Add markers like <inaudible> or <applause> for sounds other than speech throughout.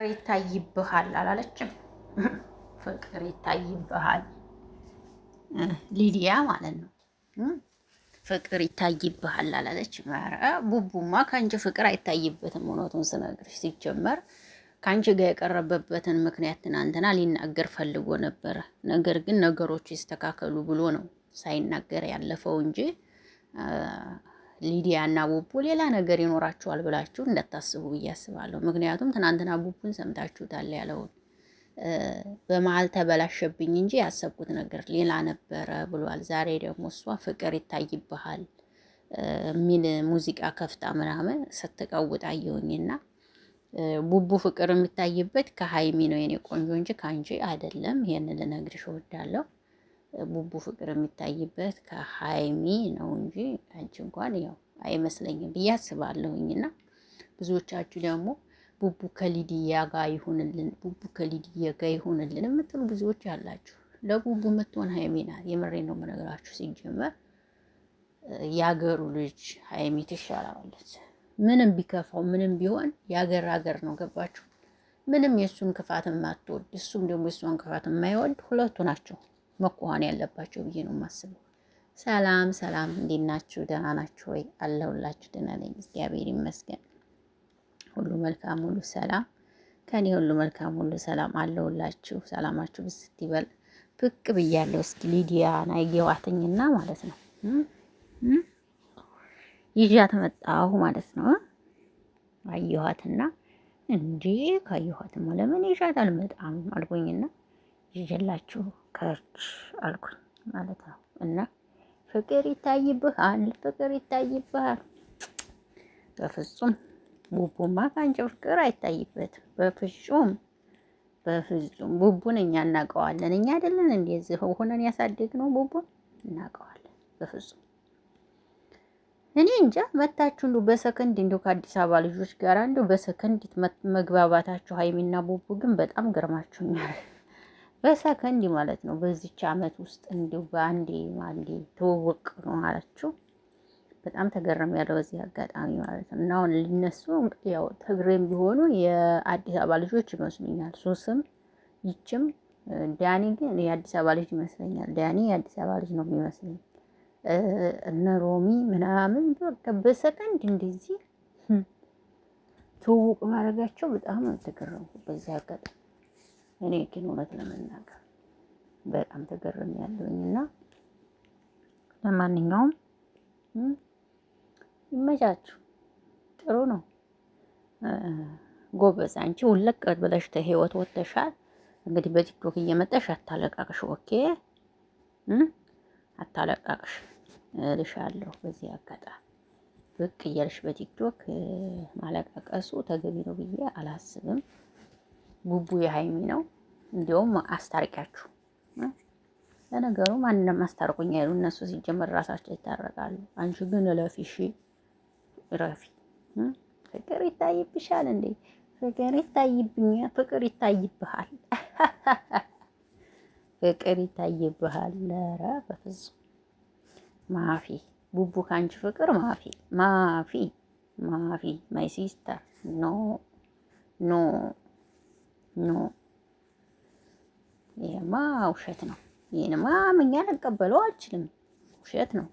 <laughs> ፍቅር ይታይብሃል አላለችም? ፍቅር ይታይብሃል ሊዲያ ማለት ነው። ፍቅር ይታይብሃል አላለችም? ኧረ ቡቡማ ከአንቺ ፍቅር አይታይበትም። እውነቱን ስነግርሽ ሲጀመር ከአንቺ ጋር የቀረበበትን ምክንያት ትናንትና ሊናገር ፈልጎ ነበረ። ነገር ግን ነገሮች ይስተካከሉ ብሎ ነው ሳይናገር ያለፈው እንጂ ሊዲያ እና ቡቡ ሌላ ነገር ይኖራቸዋል ብላችሁ እንዳታስቡ ብዬ አስባለሁ። ምክንያቱም ትናንትና ቡቡን ሰምታችሁታል ያለውን በመሀል ተበላሸብኝ እንጂ ያሰብኩት ነገር ሌላ ነበረ ብሏል። ዛሬ ደግሞ እሷ ፍቅር ይታይብሃል የሚል ሙዚቃ ከፍታ ምናምን ስትቀውጥ አየሁኝና ቡቡ ፍቅር የሚታይበት ከሀይሚ ነው የኔ ቆንጆ እንጂ ከአንቺ አይደለም። ይሄን ልነግርሽ እወዳለሁ። ቡቡ ፍቅር የሚታይበት ከሀይሚ ነው እንጂ አንቺ እንኳን ያው አይመስለኝም ብዬ አስባለሁኝና ብዙዎቻችሁ ደግሞ ቡቡ ከሊድያ ጋ ይሁንልን፣ ቡቡ ከሊድያ ጋ ይሁንልን የምትሉ ብዙዎች አላችሁ። ለቡቡ የምትሆን ሀይሚ ናት። የምሬ ነው የምነግራችሁ። ሲጀመር የአገሩ ልጅ ሀይሚ ትሻላለች። ምንም ቢከፋው ምንም ቢሆን የአገር አገር ነው። ገባችሁ? ምንም የእሱን ክፋት የማትወድ እሱም ደግሞ የእሷን ክፋት የማይወድ ሁለቱ ናቸው። መቋዋን ያለባቸው ብዬ ነው የማስበው። ሰላም ሰላም፣ እንዴት ናችሁ? ደህና ናችሁ ወይ? አለሁላችሁ። ደህና ነኝ፣ እግዚአብሔር ይመስገን። ሁሉ መልካም፣ ሁሉ ሰላም ከኔ ሁሉ መልካም፣ ሁሉ ሰላም አለሁላችሁ። ሰላማችሁ ብስት ይበል። ብቅ ብያለሁ። እስኪ ናይ ጌዋተኝና ማለት ነው ይዣት መጣሁ ማለት ነው። አየኋትና እንዴ ካየኋትማ ለምን ይዣት አልመጣም አልኩኝና ይዤላችሁ ከች አልኩኝ ማለት ነው። እና ፍቅር ይታይብሃል፣ ፍቅር ይታይብሃል። በፍጹም ቡቡማ ከአንቺ ፍቅር አይታይበትም። በፍጹም በፍጹም ቡቡን እኛ እናውቀዋለን። እኛ አይደለን እንደዚህ ሆነን ያሳደግነው ቡቡን እናውቀዋለን። በፍጹም እኔ እንጃ መታችሁ እንዲሁ በሰከንድ እንዲሁ ከአዲስ አበባ ልጆች ጋር እንዲሁ በሰከንድ መግባባታችሁ ሀይሚና ቡቡ ግን በጣም ገርማችሁኛል። በሰከንድ ማለት ነው። በዚች አመት ውስጥ እንዲሁ በአንዴ አንዴ ትውውቅ ነው አላችሁ። በጣም ተገረም ያለው በዚህ አጋጣሚ ማለት ነው። እና አሁን ሊነሱ ያው ትግሬም ቢሆኑ የአዲስ አበባ ልጆች ይመስሉኛል። ሶስም ይችም ዳኒ ግን የአዲስ አበባ ልጅ ይመስለኛል። ዳኒ የአዲስ አበባ ልጅ ነው የሚመስለኝ። እነ ሮሚ ምናምን በሰከንድ እንደዚህ ትውውቅ ማድረጋቸው በጣም ተገረምኩ በዚህ አጋጣሚ። እኔ ግን እውነት ለመናገር በጣም ተገርም ያለውኝ እና ለማንኛውም ይመቻችሁ። ጥሩ ነው ጎበዝ። አንቺ ውለቅ ብለሽ ተህይወት ወጥተሻል። እንግዲህ በቲክቶክ እየመጣሽ አታለቃቅሽ። ኦኬ አታለቃቅሽ እልሻለሁ። በዚህ አጋጣሚ ብቅ እያልሽ በቲክቶክ ማለቃቀሱ ተገቢ ነው ብዬ አላስብም። ጉቡ የሀይሚ ነው። እንዲሁም አስታርቂያችሁ። ለነገሩ ማንንም አስታርቁኝ አይሉ እነሱ ሲጀመር ራሳቸው ይታረቃሉ። አንቺ ግን እለፊ፣ እሺ ረፊ። ፍቅር ይታይብሻል እንዴ? ፍቅር ይታይብኛ፣ ፍቅር ይታይብሃል፣ <laughs> ፍቅር ይታይብሃል። ኧረ በፍጹም ማፊ ቡቡ ካንቺ ፍቅር ማፊ ማፊ ማፊ ማይ ሲስተር ኖ ኖ ኖ ይሄማ ውሸት ነው። ይህንማ ምኛ ልቀበለው አልችልም። ውሸት ነው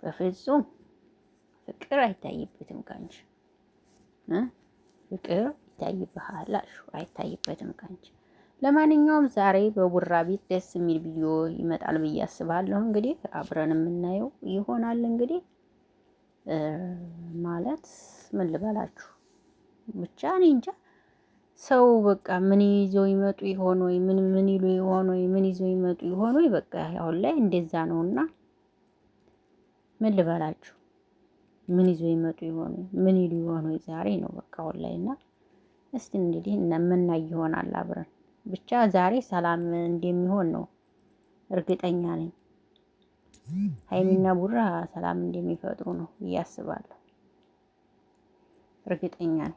በፍጹም። ፍቅር አይታይበትም ከአንቺ ፍቅር ይታይብሃል አልሽው፣ አይታይበትም ከአንቺ። ለማንኛውም ዛሬ በቡራ ቤት ደስ የሚል ቪዲዮ ይመጣል ብዬ አስባለሁ። እንግዲህ አብረን የምናየው ይሆናል። እንግዲህ ማለት ምን ልበላችሁ ብቻ እኔ እንጃ ሰው በቃ ምን ይዞ ይመጡ ይሆን ወይ ምን ምን ይሉ ይሆን ወይ ምን ይዞ ይመጡ ይሆን ወይ በቃ አሁን ላይ እንደዛ ነውና ምን ልበላችሁ ምን ይዞ ይመጡ ይሆን ምን ይሉ ይሆን ወይ ዛሬ ነው በቃ አሁን ላይና እስቲ እንግዲህ ምናይ ይሆናል አብረን ብቻ ዛሬ ሰላም እንደሚሆን ነው እርግጠኛ ነኝ ሀይሚና ቡራ ሰላም እንደሚፈጥሩ ነው እያስባለሁ እርግጠኛ ነኝ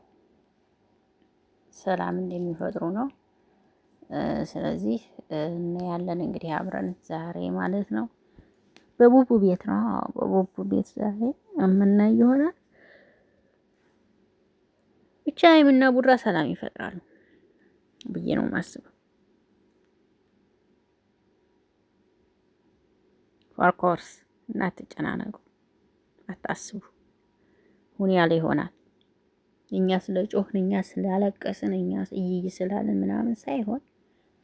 ሰላም እንደሚፈጥሩ ነው። ስለዚህ እናያለን እንግዲህ አብረን ዛሬ ማለት ነው። በቡቡ ቤት ነው። በቡቡ ቤት ዛሬ የምናይ ይሆናል። ብቻ ሀይሚና ቡራ ሰላም ይፈጥራሉ ብዬ ነው የማስበው። ፎርኮርስ እና አትጨናነቁ፣ አታስቡ፣ ሁን ያለ ይሆናል። እኛ ስለ ጮህን፣ እኛ ስላለቀስን፣ እኛ እይይ ስላለን ምናምን ሳይሆን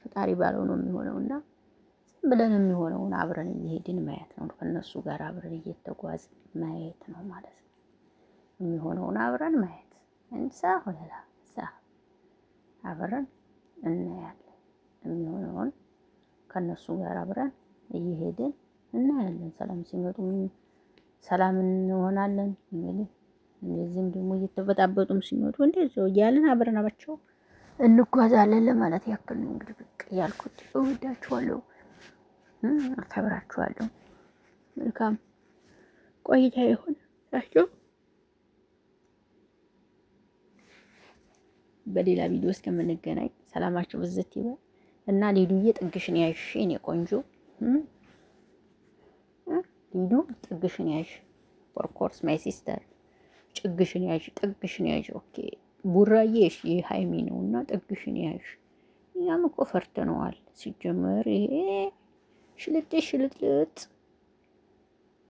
ፈጣሪ ባለው ነው የሚሆነው እና ዝም ብለን የሚሆነውን አብረን እየሄድን ማየት ነው። ከእነሱ ጋር አብረን እየተጓዝን ማየት ነው ማለት ነው። የሚሆነውን አብረን ማየት እንሳ ሆነላ ሳ አብረን እናያለን። የሚሆነውን ከእነሱ ጋር አብረን እየሄድን እናያለን። ሰላም ሲመጡ ሰላም እንሆናለን እንግዲህ እንደዚህም ደግሞ እየተበጣበጡም ሲመጡ እንደዚያው እያልን አብረናቸው እንጓዛለን ለማለት ያክል ነው። እንግዲህ ብቅ እያልኩት እወዳችኋለሁ፣ አከብራችኋለሁ። መልካም ቆይታ ይሁን ላችሁ በሌላ ቪዲዮ እስከምንገናኝ ሰላማቸው ብዝት ይበል እና ሊዱዬ ጥግሽን ያይሽ የኔ ቆንጆ ሊዱ ጥግሽን ያሽ ኦፍ ማይ ሲስተር ጥግሽን ያዥ፣ ጥግሽን ያዥ። ኦኬ ቡራዬ እሺ፣ የሀይሚ ነው እና ጥግሽን ያዥ። እኛም እኮ ፈርተነዋል ሲጀመር ይሄ ሽልጤ ሽልጥልጥ